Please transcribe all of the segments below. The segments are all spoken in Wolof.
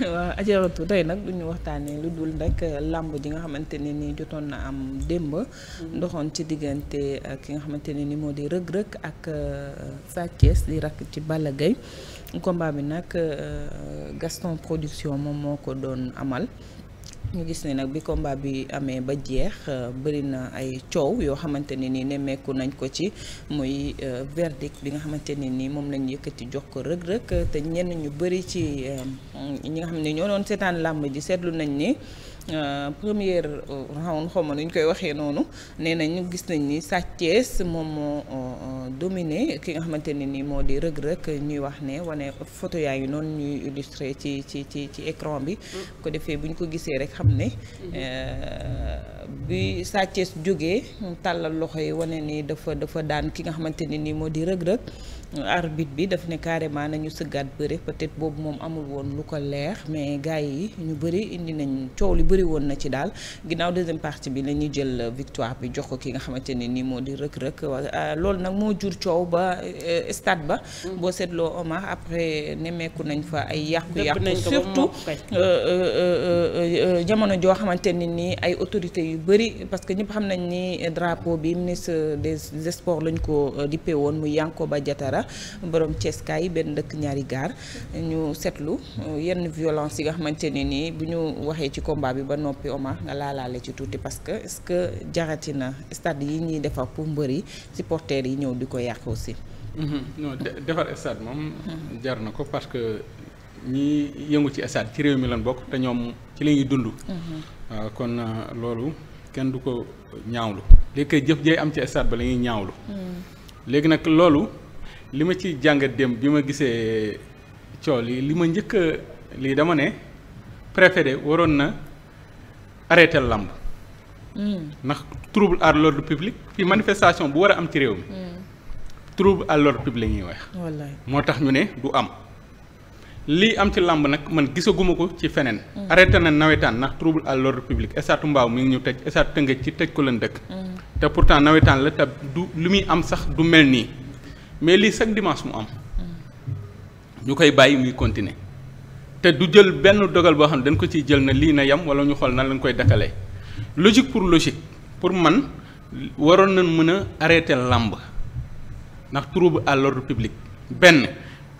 waaw ajaratu tey nag du ñu waxtaanee lu dul rek euh, làmb ji nga xamante ne ni jotoon na am démb. ndoxoon mm-hmm. ci diggante euh, ki nga xamante ne ni moo di Reug Reug ak euh, Sa Thiès di rakk ci Balla Gaye combat bi nag Gaston Production moom moo ko doon amal. ñu gis ne nag bi komba bi amee ba jeex euh, bëri na ay coow yoo xamante ne ni nemmeeku nañ ko ci muy euh, verdict bi nga xamante ne ni moom lañ yëkkati jox ko rëg-rëg te ñenn ñu bëri ci euh, ñi nga xam ne ñoo doon seetaan làmb ji seetlu nañ ni première round xaw ma nu ñu koy waxee noonu nee nañu gis nañ ni Sa moom moo dominer ki nga xamante ne nii moo di rëg-rëg ñuy wax ne wane photo yaa ngi noonu ñuy illustré ci ci ci ci écran bi ko defee bu ñu ko gisee rek xam ne euh, bi Sa Thiès jógee tàllal loxo yi wane nii dafa dafa daan ki nga xamante ne nii moo di rëg-rëg arbitre bi daf ne carrément nañu sëggaat bëre peut-être boobu moom amul woon lu ko leex mais gars yi ñu bëri indi nañ coow li bëri woon na ci daal ginnaaw deuxième partie bi la jël victoire bi jox ko ki nga xamante ne nii moo di rëkk-rëkk euh, loolu nag moo jur coow ba euh, stade ba. Mm. boo seetloo Omar après nemmeeku nañ fa ay yàqu-yàqu. surtout euh, jamono joo xamante ne nii ay autorités yu bëri parce que ñëpp xam nañ ni drapeau bi ministre des sports lañ ko dippee woon mu ba jatara Diarra borom Thiès kaay benn dëkk ñaari gaar ñu seetlu euh, yenn violence yi nga xamante ne nii bu ñu waxee ci combat bi ba noppi Omar nga laalaale ci tuuti parce que est-ce que jarati na stade yi ñuy defar pour mbëri yi supporters yi ñëw di ko yàq si mhm. defar stade moom. Mhm. jar na ko parce que ñi yëngu ci stade ci réew mi lan bokk te ñoom ci la ñuy dund. Mhm. kon euh, loolu kenn du ko ñaawlu. léegi jëf jëy am ci ñaawlu. léegi nag loolu. li ma ci jàngat démb bi ma gisee cool yi li ma njëkk lii dama ne préfet waroon na arrêté làmb hmm. ndax trouble à l'ordre public fii manifestation bu war a am ci réew mi hmm. trouble à l'ordre public la ñuy wax moo tax ñu ne du am lii am ci làmb nag man gisaguma ko ci feneen hmm. arrêté na nawetaan ndax trouble à l'ordre public estatu mbaaw mi ngi ñu tëj estatu tëngëj ci tëj ko leen dëkk te pourtant nawetaan la te du li muy am sax du mel nii mais lii chaque dimanche mu am ñu koy bàyyi muy continuer te du jël benn dogal boo xam ne dañ ko ciy jël na lii na yem wala ñu xool nan lañ koy dakale logique pour logique pour man waroon nañ mën a arrêter làmb ndax trouble à l'ordre public benn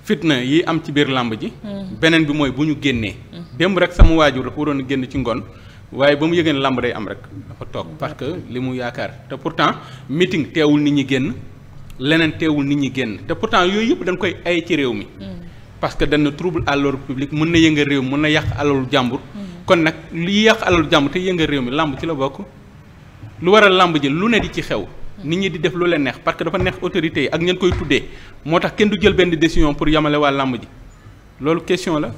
fitna yi am ci biir làmb ji hmm. beneen bi mooy bu ñu génnee hmm. démb rek sama waajur dafa waroon a génn ci ngoon waaye ba mu yëgeen làmb day am rek dafa toog parce que li mu yaakaar te pourtant meeting teewul nit ñi génn leneen teewul nit ñi génn te pourtant yooyu yëpp dañ koy ay ci réew mi. Mm. parce que dañ na trouble à l'ordre public mën na yënga réew mën na yàq alalu jàmbur. Mm. kon nag li yàq alalu jàmbur te yëngal réew mi làmb ci la bokk. lu waral làmb ji lu ne di ci xew. Mm. nit ñi di def lu leen neex parce que dafa neex autorité yi ak ñeen koy tuddee moo tax kenn du jël benn décision pour yamale waa làmb ji loolu question la.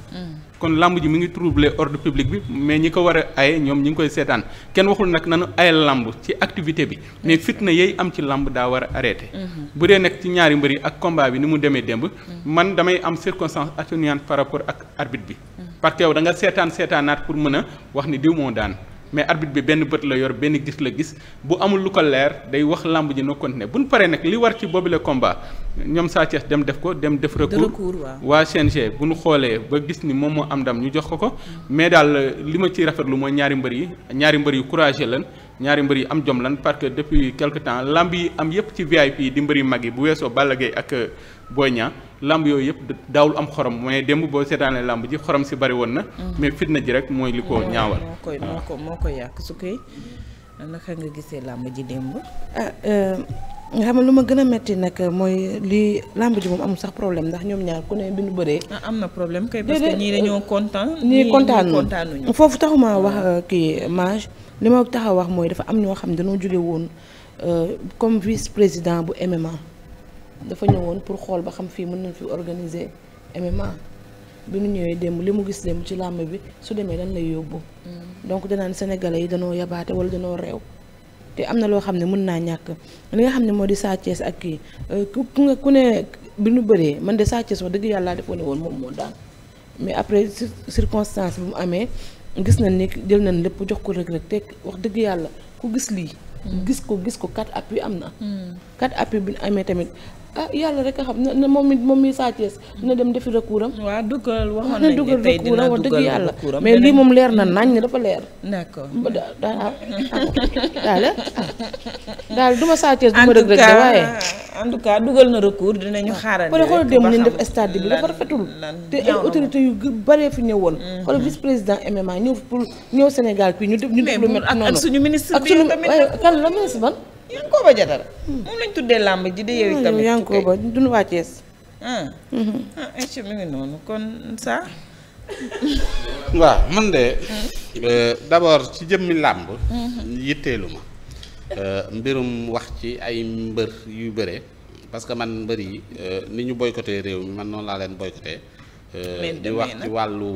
kon làmb ji mu ngi troubler ordre public bi mais ñi ko war a aye ñoom ñi ngi koy seetaan kenn waxul nag nanu aye làmb ci activité bi mais fitna yeey am ci làmb daa war a arrêté mhm. bu dee nekk ci ñaari mbër yi ak combat bi ni mu demee démb mhm. man damay am circonstance atténuante par rapport ak arbitre bi mhm. parce que da nga seetaan seetaanaat pour mën a wax ni diw moo daan mais arbitre bi benn bët la yor benn gis la gis bu amul lu ko leer day wax làmb ji na ne bu ñu paree nag li war ci boobule combat ñoom Sa Thiès dem def ko dem def recours waa CNG bu nu xoolee ba gis ni moom moo am ndam ñu jox ko ko mais daal li ma ciy rafetlu mooy ñaari mbër yi ñaari mbër yu courageux leen ñaari mbër yi am jom lan que depuis quelque temps lamb yi am yëpp ci VIP di mbër yu mag yi bu weesoo Balla Gaye ak euh, Boy Niang lamb yooyu yëpp daawul am xorom mooy démb boo seetaanee lamb ji xorom si bari woon na. Mm. mais fitna ji rek mooy li ko ñaawal. moo koy moo ko moo ko yàq su koy naka nga gisee lamb ji démb. Ah, euh, nga xam ne lu ma gën a metti nag mooy li làmb ji moom amul sax problème ndax ñoom ñaar ku ne bi nu bëree. ah am na problème kay parce que ñii dañoo euh, kontaan. ñii kontaanuñu foofu taxuma ah. wax euh, kii mage li ma taxa wax mooy dafa am ñoo xam ne dañoo juge woon euh, comme vice président bu MMA dafa ñëwoon pour xool ba xam fii mën na fi organiser MMA bi nu ñëwee démb li mu gis démb ci làmb bi su demee dañ lay yóbbu. Mm. donc danaan sénégalais yi danoo yabaate wala danoo réew. te am na loo xam ne mën naa ñàkk li nga xam ne moo di Sa Thiès ak kii euh, ku ku ne bi ñu bëree man de Sa Thiès wax dëgg yàlla defoon ne woon moom moo daan mais après circonstance bi mu amee gis nañ ni jël nañ lépp jox ko Reug Reug te wax dëgg yàlla ku gis lii. Mm. gis ko gis ko quatre appui am na. Mm. quatre appui bi ñu amee tamit ah yàlla rek a xam na moom mi moom mi Sa Thiès dina dem defi recours am. waaw dugal waxoon ah, nañ ne tey dina dugal dëgg yàlla mais lii moom leer na nañ ne dafa leer. d'accord ah, ah, daal daal du ma Sa Thiès du ma rëg rëg de waaye. en tout cas dugal na recours dinañu xaaral. ba xam dem nañ def stade bi dafa rafetul. te ay autorités yu baree fi ñëw woon mm-hmm. xoolal vice président MMA ñëw pour ñëw Sénégal fii ñu def ñu def lu mel noonu. ak suñu ministre bi tamit kan la ministre ban. Yankoba Diatara. moom lañ tuddee làmb ji de yow tamit. Yankoba duñu waa Thiès. ah. Mhm. ah ngi noonu kon ça. waaw man de. Hmm. Euh, d'abord ci jëmmi làmb. Mhm. yitteelu ma. Euh, mbirum wax ci ay mbër yu bëre parce que man mbër yi euh, ni ñu boycotté réew mi man noonu laa leen boycotté. di wax ci wàllu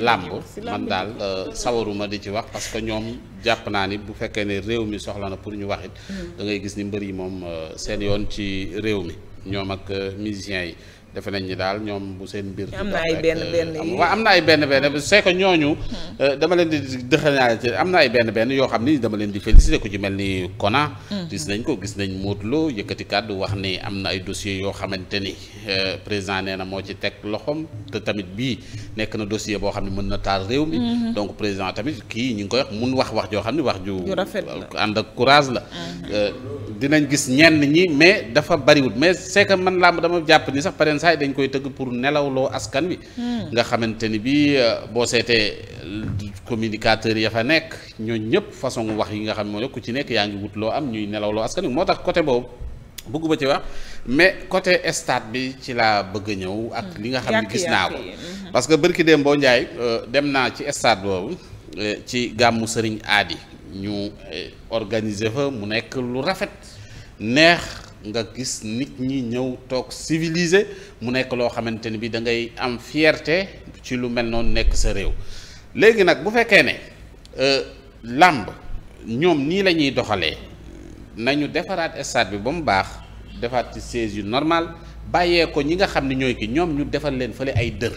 làmb man daal sawaruma di ci wax parce que ñoom. jàpp naa ni bu fekkee ne réew mi soxla na pour ñu wax it mm. da ngay gis ni mbër yi moom euh, seen yoon ci réew mi ñoom ak euh, musiciens yi defe nañ ni daal ñoom bu seen mbir. am na ay euh, yi na ay benn benn mm. c'est que ñooñu. Mm. dama leen di dëxanaale ci am na ay benn benn yoo xam ni dama leen di féliciter ku ci mel ni Kona. Mm-hmm. gis nañ ko gis nañ Modou Lo yëkkati kàddu wax ni am na ay dossiers yoo xamante ni président nee na moo ci teg loxoom te tamit bii nekk na dossier boo xam ne mën na taal réew mi. Mm-hmm. donc président tamit kii ñu ngi koy mun wax wax joo xam ne wax ju ànd ak courage la euh, dinañ gis ñenn ñi mais dafa bariwut mais c'est que man làmb dama jàpp ni sax pareen saa yi dañ koy tëgg pour nelawloo askan wi hmm. nga xamante ni bi euh, boo seetee communicateurs ya fa nekk ñooñ ñëpp façon wax yi nga xam moo ne ku ci nekk yaa ngi wut loo am ñuy nelawloo askan wi moo tax côté boobu bëgguma ci wax mais côté stade bi ci laa bëgg a ñëw ak hmm. li nga xam ne gis naa ko hmm. parce que bërki déem boo njaay euh, dem naa ci stade boobu Eh, ci gàmmu sëriñ aadi ñu eh, organiser fa mu nekk lu rafet neex nga gis nit ñi ñëw toog civilisé mu nekk loo xamante ni bi da ngay am fierté ci lu mel noonu nekk sa réew léegi nag bu fekkee ne eh, làmb ñoom nii la ñuy doxalee nañu defaraat stade bi ba mu baax defaat ci siège yu normal bàyyee ko ñi nga xam ne ñooy ki ñoom ñu defal leen fële ay dër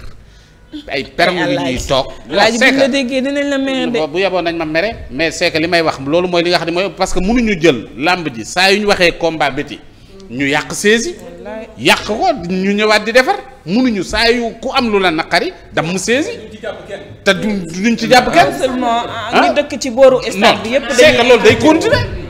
ay perm yu ñuy toog. laaj bu ñu déggee dinañ la mere bu yaboon nañ ma mere mais c'est que li may wax loolu mooy li nga xam ne mooy parce que mënuñu jël làmb ji saa yu ñu waxee combat béti ñu yàq saisi yàq ko ñu ñëwaat di defar munuñu saa yu ku am lu la naqari dam mu saisi te duñ ci jàpp kenn. non seulement ah, ah? ñu dëkk ci booru stade bi yëpp. dañuy c'est que loolu day continuer.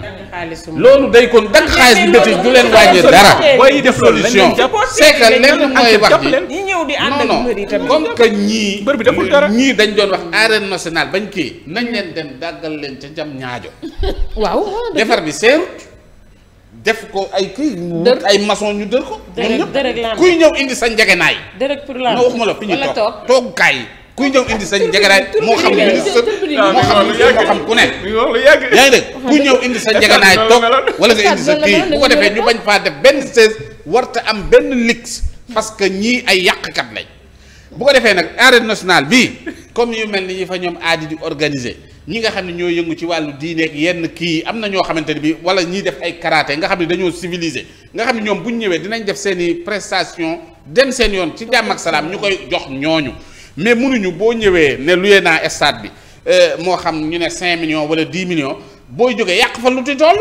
loolu day kon dagg xaalis bi bëti du leen wàññi dara. solution c'est que lenn mooy wax ji non non comme que ñii. bër bi deful dara ñii dañ doon wax arène nationale bañ kii nañ leen dem dàggal leen ca jam ñaajo. waaw defar bi seerut. def ko ay kii ay maçon ñu dër ko. dërëg kuy ñëw indi sa njëgënaay. dërëg pour la waxuma la fi ñu toog kaay. bu ñëw indi sa njeganaay moo xam ministre moo xam ku ne yaa ngi dégg ñëw indi sa njeganaay toog wala nga indi sa kii bu ko defee ñu bañ faa def benn seize warta am benn lix parce que ñii ay yàqkat nañ bu ko defee nag arène nationale bi comme yu mel ni ñi fa ñoom aadi di organiser ñi nga xam ne ñoo yëngu ci wàllu diineek yenn kii am na ñoo xamante ne bi wala ñiy def ay karaté nga xam ne dañoo civilisé nga xam ne ñoom bu ñu ñëwee dinañ def seeni prestation dem seen yoon ci jàmm ak ñu koy jox ñooñu mais munuñu boo ñëwee ne luyee naa stade bi euh, moo xam ñu ne 5 million wala 10 million booy jógee yàq fa lu ti toll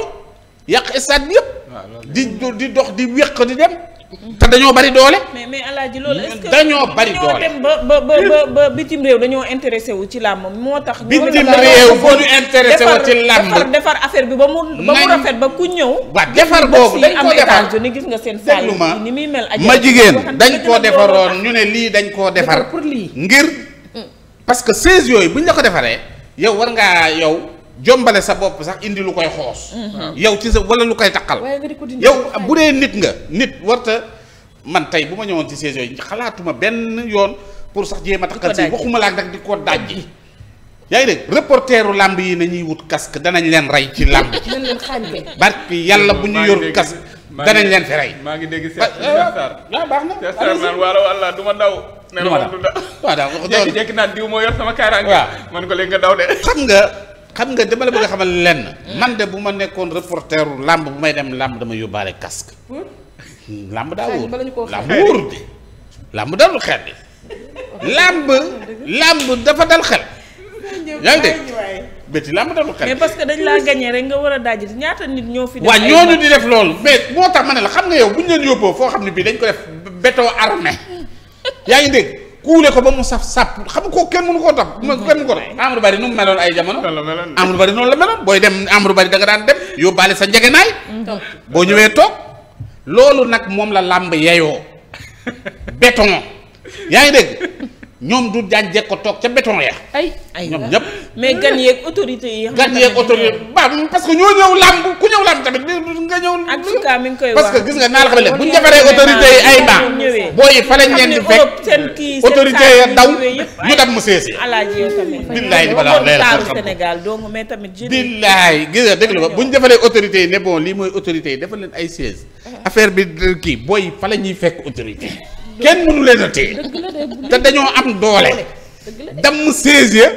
yàq stade bi yëpp. di di dox di wéq di dem. te dañoo bari doole. mais mais Alaaji loolu est-ce que dañoo bari doole dañoo dem ba ba ba bitim réew dañoo intéressé wu ci làmb moo tax. bitim réew bu ñu intéressé wu ci làmb defar defar affaire bi ba mu. ba mu rafet ba ku ñëw. waaw defar boobu dañ ko defar gis nga seen saa yi ni muy mel. ma jigéen dañ koo defaroon ñu ne lii dañ koo defar. pour lii ngir. Mm. parce que 16 yooyu buñ la ko defaree yow war ngaa yow. jombale sa bopp sax indi lu koy xoos. Mhm. yow ci sa wala lu koy taqal. yow bu dee nit nga nit warta man tey bu ma ñëwoon ci saison yi xalaatuma benn yoon pour sax jéem a taqal si waxuma laa nag di ko dajji. yaa ngi dégg làmb yi nañuy wut casque danañ leen rey ci làmb. danañ leen xàmmee. barki yàlla bu ñu yor kas danañ leen fi rey. maa ngi dégg Cheikh Sarr. waaw baax na. Cheikh Sarr naan waala wala du ma daw. du na moom nga daw xam nga. xam nga dama la bëgg a xamal lenn. man de bu ma nekkoon reporteru làmb bu may dem làmb dama yóbbaale casque. làmb daa wóor làmb wóorul de làmb dalul xel de. làmb làmb dafa dal xel. yaa ngi dégg bétti làmb dalul xel. mais parce que dañ laa gagné rek nga war a daj ñaata nit ñoo fi. def ay ñu di def loolu mais moo tax ma ne la xam nga yow bu ñu leen yóbboo foo xam ne bii dañ ko def béton armé yaa ngi dégg. kuule ko ba mu saf sàpp xam nga ko kenn mënu koo tam kenn ko tam Amadou Bari nu mu meloon ay jamono Amadou Bari noonu la meloon booy dem Amadou Bari da nga daan dem yóbbaale sa njegenaay boo ñëwee toog loolu nag moom la làmb yeyoo béton yaa ngi dégg ñoom du daan jekk ko toog ca béton ya ay ay ñoom ñëpp mais gan yeeg autorité yi gan yeeg autorité ba parce que ñoo ñëw làmb ku ñëw làmb tamit nga gis nga naa la xam ne bu ñu autorité yi ay baax booy yi fa lañ leen di fekk autorité ya daw ñu dem mu seesi. billaay li ma la wax lay la xam Sénégal dong mais tamit. billaay gis nga dégg nga bu ñu defalee autorité yi ne lii mooy autorité yi defal leen ay siège eh. affaire bi kii booy yi fa la ñuy fekk autorité kenn mënu leen a téye te dañoo am doole. damm siège ya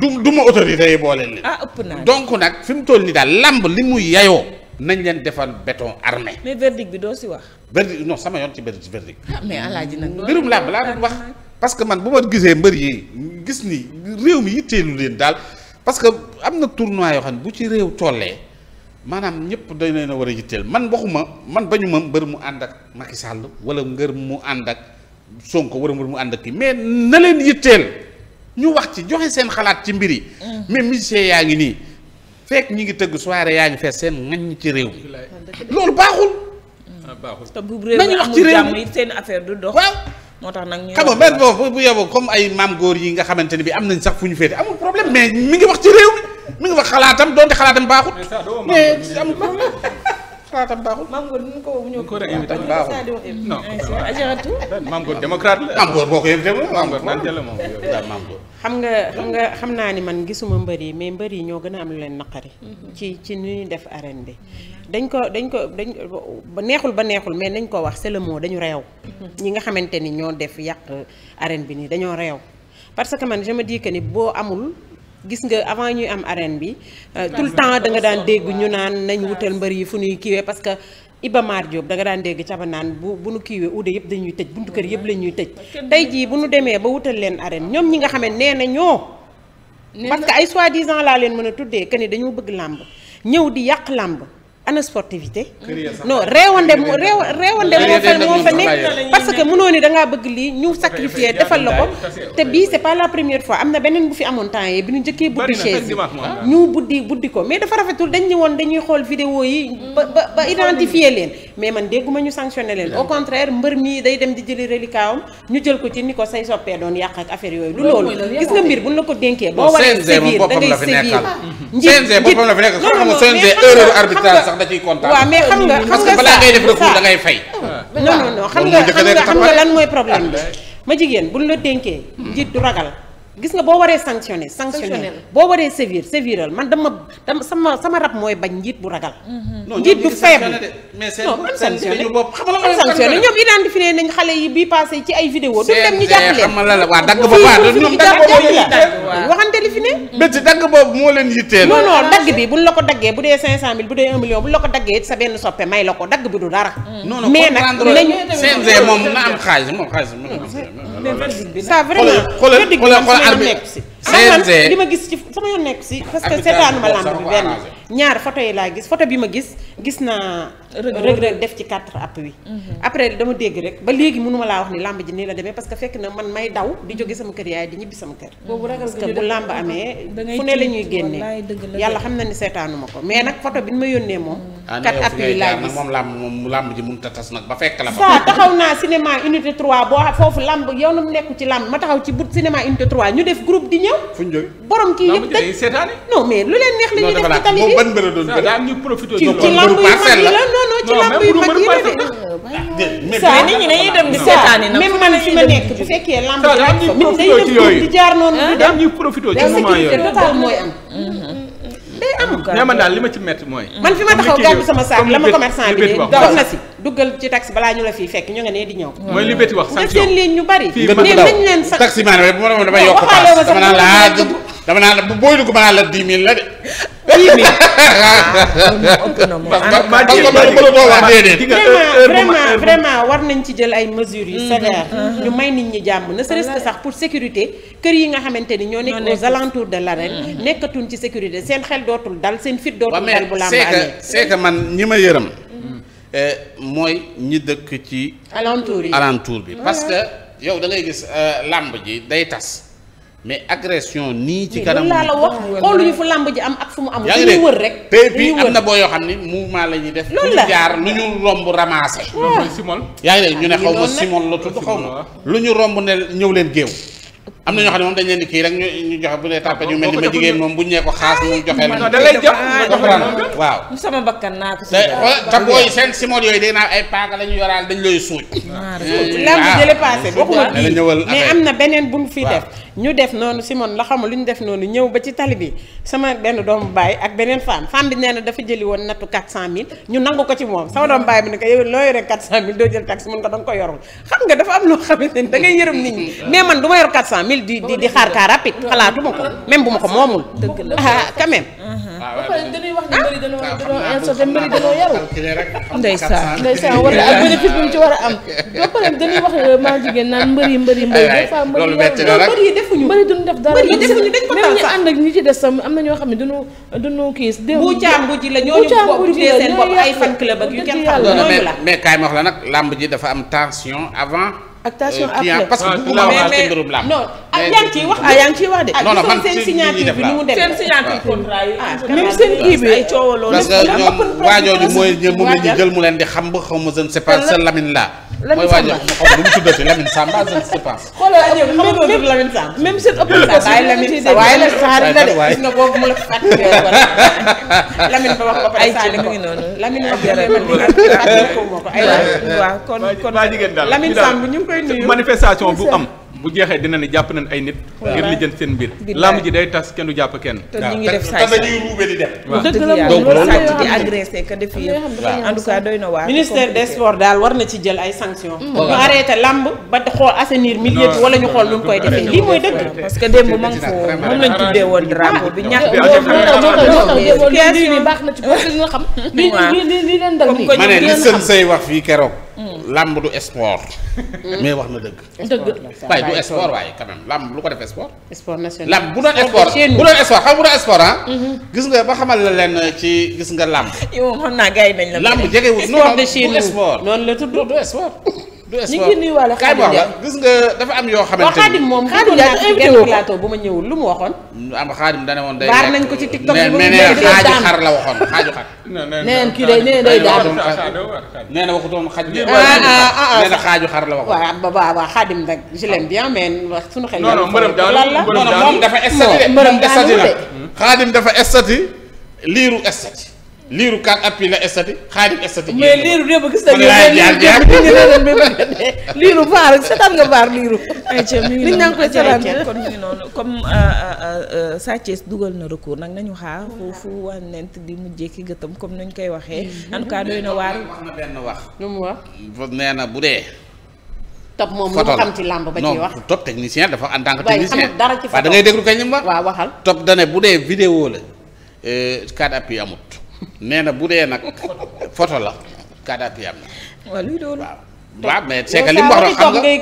du du ma autorité yi boole leen. Ah, donc nag fi mu toll nii daal lamb li mu yayoo. nañ leen defal béton armé. mais verdict bi doo si wax. verdict non sama yoon ci verdict. ah mais alaaji nag. mbirum làmb laa doon wax. parce que man bu ma gisee mbër yi gis ni réew mi yitteelu leen daal parce que am na tournoi yoo xam ne bu ci réew tollee maanaam ñëpp dañ leen a war a yitteel man waxuma man bañu ma mbër mu ànd ak Macky Sall wala ngër mu ànd ak Sonko wala mbër mu ànd ak kii mais na leen yitteel ñu wax ci joxe seen xalaat ci mbir yi. Mm. mais musicien yaa ngi nii. fekk ñi ngi tëgg soirée yaa ñu fees seen ngañ ci réew mi loolu baaxul. Ah, baaxul te bu réew mi amul jàmm it seen affaire du dox. waaw moo tax nag ñu. xam nga benn boobu bu yeboo comme ay maam góor yi nga xamante ne bi am nañ sax fu ñu féete amul problème mais mi ngi wax ci réew mi mi ngi wax xalaatam donte xalaatam baaxul. mais amul problème. xalaatam baaxul. maam Ngor ko woo ko invité baaxul non maam Ngor démocrate la. maam Ngor xam nga xam nga xam naa ni man gisuma mbër yi mais mbër yi ñoo gën a am lu leen naqari. ci ci nu ñuy def arine bi dañ ko dañ ko dañ ba neexul ba neexul mais nañ ko wax c'est le mot dañu reew ñi nga xamante ni ñoo def yàq arine bi nii dañoo reew parce que man je ni boo amul gis nga avant ñuy am arène bi euh, tout le temps da daan dégg ñu naan nañ wutal mbër yi fu ñuy kiiwee parce que Iba Mar Diop daan dégg caba naan bu bu nu kiiwee uude yëpp dañuy tëj buntu kër yëpp lañuy ñuy tëj tey jii bu nu demee ba wutal leen arène ñoom ñi nga xam ne nee na ñoo parce que ay soi-disant laa leen mën a tuddee que ni dañoo bëgg làmb ñëw di yàq làmb ana sportivité. non réewande moo réewande moo fa moo fa nekk parce que mënoo ni da bëgg lii ñu sacrifier defal la ko te bii c'est pas la première fois am na beneen bu fi amoon temps yii bi ñu njëkkee buddi chaise ñu buddi buddi ko mais dafa rafetul dañ ni dañuy xool vidéo yi ba ba ba identifier leen mais man dégguma ñu sanctionné leen au contraire mbër mii day dem di jëli reliquat ñu jël ko ci ni ko say soppee doon yàq ak affaire yooyu. lu loolu gis nga mbir buñ la sax da ciy kontaan. waaw mais xam nga xam nga parce que balaa ngay def recours da ngay fay. Ah. xam nga xam nga lan mooy problème bi. Ah. ma jigéen buñ la dénkee. Hmm. njiit du ragal. gis nga boo waree sanctionné sanctionné boo waree sévir séviral man dama dama sama sama rab mooy bañ njiit bu ragal. Mm-hmm. njiit du faible non man sanctionné man sanctionné ñoom identifié nañ xale yi bii passé ci ay vidéo duñ dem ñu jàppale. Eh, xam la waxante li fi mm-hmm. dagg boobu moo leen yitteel. non non dagg bi buñ la ko daggee bu dee 500000 bu dee 1 million buñ la ko daggee sa benn soppe may la ko dagg bi du dara. Mm-hmm. mais nag nañ CNG moom na am xaalis moom xaalis mais verdict bi. ça vraiment verdict bi man si CNG li ma gis ci sama yoon nekk si parce que seetaanu ma bi benn ñaar photo yi laa gis photo bi ma gis gis naa rëg def ci quatre app wi mhm. après dama dégg rek ba léegi mënu ma laa wax ni lamb ji nii la demee parce que fekk na man may daw di jóge sama kër yaay di ñibbi sama kër parce que bu lamb amee fu ne la ñuy na ni seetaanu ma ko mais bi ma yónnee moom ah, quatre ji mun ta nag ba fekk la fa foofu lamb yow nam nekku ci lamb ma taxaw ci but cinéma unité 3 ñu def groupe di ñëw ñëw. fu ñu jógee borom kii yëpp dañ seetaane. non mais lu leen neex la ñuy def ci tali ci lamb yu mag yi la non ci lamb yu mag yi la de. Ah, saa nit ñi dañuy dem ma nekk bu fekkee lamb yi rek fa nit dem di jaar noonu di daam ñuy profité ci moment yooyu total mooy am day am. mais man daal li ma ci métti mooy. man fi ma taxaw gàddu sama saak la ma commerçant bi ne dox na si duggal ci taxi balaa ñu la fii fekk ñu nga ne di ñëw. mooy li wax nga seen leen ñu bari. fii ma taxi maanaam bu ma demoon damay yokk paas dama naan la dama naan la bu booy dugg ma naan la dix la de. dix mille vraiment vraiment war nañ ci jël ay mesures yu sévères ñu may nit ñi jàmm na serait-ce sax pour sécurité kër yi nga xamante ni ñoo nekk aux alentours de l'arène nekkatuñ ci sécurité seen xel dootul dal seen fit dootul dal bu làmb amee man ñi ma yërëm mooy ñi dëkk ci alentour yi alentour bi parce que yow da ngay gis làmb ji day tas mais agression nii ci kanam laa la wax xooluñu fu làmb ji am ak fu mu amul. yaa ngi wër rek dañuy wër am na boo yoo xam ne mouvement la ñuy def. loolu la jaar lu ñu romb ramassé. yaa ngi dégg ñu ne ah, xaw ma simol la tudd xaw ma lu ñu romb ne ñëw leen géew. am na ñoo xam ne moom dañ leen di kii rek ñu ñu joxe bu dee tàppet yu mel ma jigéen moom buñ nee ko xaas moom la da lay ñu yoraal dañ lay suuj eh, lamb jële passé waxuma bii mais am na beneen bu mu fii def ñu def noonu simon la xamul lu ñu def noonu ñëw ba ci tali bi sama benn doomu baay ak beneen femme femme bi nee na dafa jëli woon nattu 400000 ñu nangu ko ci moom sama doomu baay bi ne ko yow loo yore 400000 doo jël taxi mun nga danga ko yorul xam nga dafa am loo xamante ne da mille di di xaar car rapide xalaatuma ko même bu ma ko moomul. dëgg la ah quand même. Ah, waaw waaw waaw dañuy wax ni dañoo ah, dañoo ah, dañoo yaru. ndeysaan ndeysaan war na ak a ba pare dañuy wax euh, maa jigéen naan mbëri mbëri mbëri. des fois mbëri mbëri yi defuñu. mbëri duñu def dara mbëri defuñu dañ ko taal sax même ñi ànd ak ñi ci des tam am na la ñooñu bopp tuddee kaay ma wax nag làmb dafa am tension avant actation euh, après parce que bëgguma wax ci mbirum làmb non yaa ngi ciy wax ah yaa ngi ciy wax de. non man seen signature bi ni mu demee seen signature contrat yi. ah même ñoom waajooju mooy moom la ñu jël mu leen di xam ba xaw ma je ne sais pas sa Lamine Samba mooy mu tuddati Lamine Samba je la sais pas. Lamine Samba. même seen de gis nga la fàttali Lamine ba wax ba pare saxaar ko Lamine wax dëgg man li nga fàttali ko moo ñu ngi koy nuyu manifestation bu am. bu jeexee dina ni jàpp nañ ay nit. ngir li jënd seen mbir. làmb ji day tas kenn du jàpp kenn. te ngi def saa dañuy ruube di def yi en tout cas doy na waar. ministère des sports daal war na ci jël ay sanctions. ñu arrêté làmb ba xool assainir milieu bi wala ñu xool nu mu koy defee lii mooy dëgg. parce que démb ma ngi ko moom tuddee woon drapeau bi ñàkk bi. baax na ci parce que ñu xam. li li li leen dal nii. ma ne li sën say wax fii keroog. làmb du sport. Mm. mais wax na dëgg. sport waaye du sport waaye quand même làmb lu ko def sport. sport national làmb bu doon sport bu doon sport xam bu doon sport ah. Mm-hmm. gis nga ba xamal la leen ci gis nga làmb. yow xam naa gars yi nañ la. làmb jegewul non du sport noonu la tudd du sport. du espoir ñu ngi gis nga dafa am yoo xamante ni Xaadim moom Xaadim Njaay ci bu ma ñëwul lu mu waxoon am Xaadim dana woon day baar nañ ko ci TikTok bi mais nee xaaju xar la waxoon xaaju xar neen kii day neen day daanu nee na waxutoon xaj bi ah, ah, ah, nee na xaaju xar la waxoon waaw ba waaw Xaadim nag je l'aime bien mais wax suñu xel non non mbërëm daal non non moom dafa estati mbërëm estati la Xaadim dafa estati liiru estati liiru kat appui la estati xaadim estati. mais liiru démb gis nañu ne liiru sa seetaan nga baar liiru. ayca mi ngi noonu ayca kon mi ngi noonu comme euh, euh, euh, Sa dugal na recours nag nañu xaar foofu wànnent di mujjee ki gëtam comme nañ koy waxee. Mm-hmm. en tout cas doy na waar. wax na benn nee bu dee. top moom lu mu xam ci làmb ba ciy wax top technicien dafa en tant que technicien waaye da ngay déglu kañ la mu wax. waaw waxal top dane bu dee vidéo la kat appui amut. nee na bu dee nag photo la kaddaati am na. waaw luy doon waaw. mais c'est li mu wax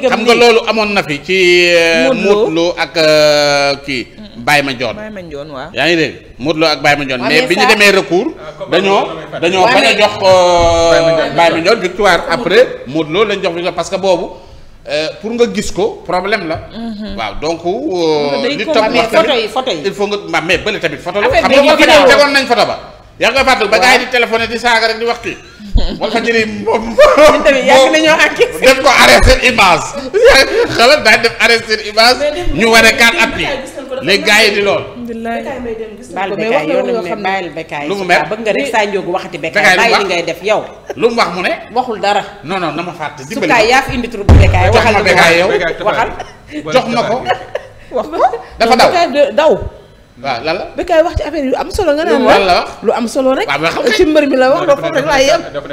xam nga loolu amoon na fi ci. Euh, Modou Lo ak euh, kii. Mm. Baye Mandione Baye Mandione yaa ngi dégg Modou Lo ak ma Mandione mais bi ñu demee recours. Ah, dañoo dañoo bañ a jox. Euh, Baye Mandione victoire après Modou Lo lañ parce que boobu. pour nga gis ko problème la. Mm-hmm. waaw donc. li topp wax tamit photo yi photo yi. il faut nga mais bële tamit photo la. xam nga tegoon nañ foto ba. yaa ngi koy fàttali ba gars yi di téléphoné di saaga rek di wax kii. wala njëriñ moom. ñun tamit yàgg nañoo enquête. def ko arrêté image. xala daal def arrêté image. ñu wane kaat at bi léegi gars yi di lool. alhamdulilah baal bekkaay yow nañu ne bàyyil bekkaay. lu mu mel bëgg nga rek saa njóogu waxati bekkaay bàyyi li ngay def yow. lu mu wax mu ne. waxul dara. non non na ma fàtte dimbali ma su kaay yaa fi indi tur bu bekkaay. waxal li mu wax jox ma bekkaay yow. waxal jox ma ko. wax ko dafa daw daw. waaw lan la. Bécaye wax ci affaire yu am solo nga naan la lu am solo rek. ci mbër mi la wax loo foofu am na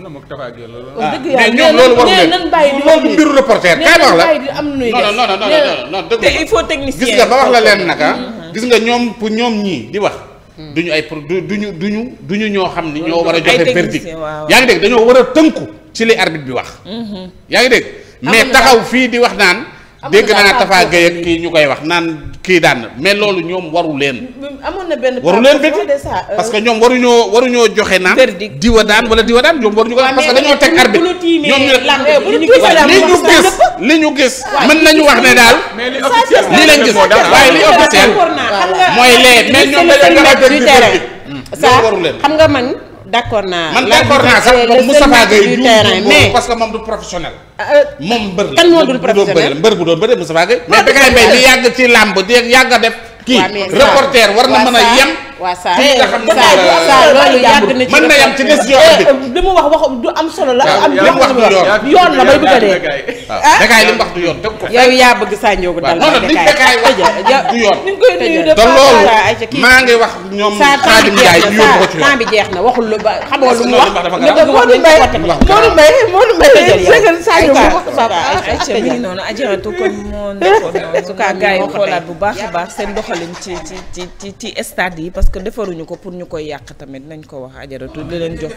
ah, moom Tafa ak yow loolu. waaw wax loolu mbiru reporter kay wax la te il faut technicien gis nga ah. mm-hmm. gis nga ñoom pour ñoom ñii di wax. Mm-hmm. duñu ay pro duñu duñu duñu ñoo xam ni ñoo war a joxe verdict yaa ngi dégg dañoo war a tënku ci li arbitre bi wax. Mm-hmm. yaa ngi dégg mais taxaw fii di wax naan dégg naa Tafa Gueye ak kii ñu koy wax naan kii daan na mais loolu ñoom waru leen. amoon na benn waru leen euh, parce que ñoom waruñoo waruñoo joxe naan. diwa daan wala diwa daan ñoom waruñu ko daan parce que dañoo teg arbitre ñoom ñu li ñu gis li ñu gis mën nañu wax ne daal. lii lañ gis waaye li officiel mooy lee mais ñoom dañoo waru leen. ça xam nga man. d'accord naa. man d'accord naa sax moom Moustapha Gueye mais parce que moom du professionnel. Ah, euh, moom mbër la kan moo dul professionnel mbër bu doon bëree Moustapha Gueye. mais Bécaye Mbaye mi yàgg ci làmb di yàgg a def. kii reporter war na mën a yem. waa saa loolu yàgg na ci mën na yam ci décision eh, li mu wax wax am solo la am wax du yoon la bay bëgg a dee dakaay li mu wax du yoon tëgg ko yaa bëgg saa ñëw dal non non li dakaay wax du yoon ni koy nuyu de te loolu maa ngi wax ñoom Xaadim Njaay ñu yóbbu ko ci bi jeex na waxul lu ba xamoo lu mu wax Modou Mbaye Modou Mbaye Modou Mbaye sëgal saa ñëw mu wax ba mi ngi noonu ajaratu kon moo nekkoon su kaa gars yi bu baax a baax seen doxalin ci ci ci ci stade yi parce que defaruñu ko pour ñu koy yàq tamit nañ ko wax ajaratu di leen jox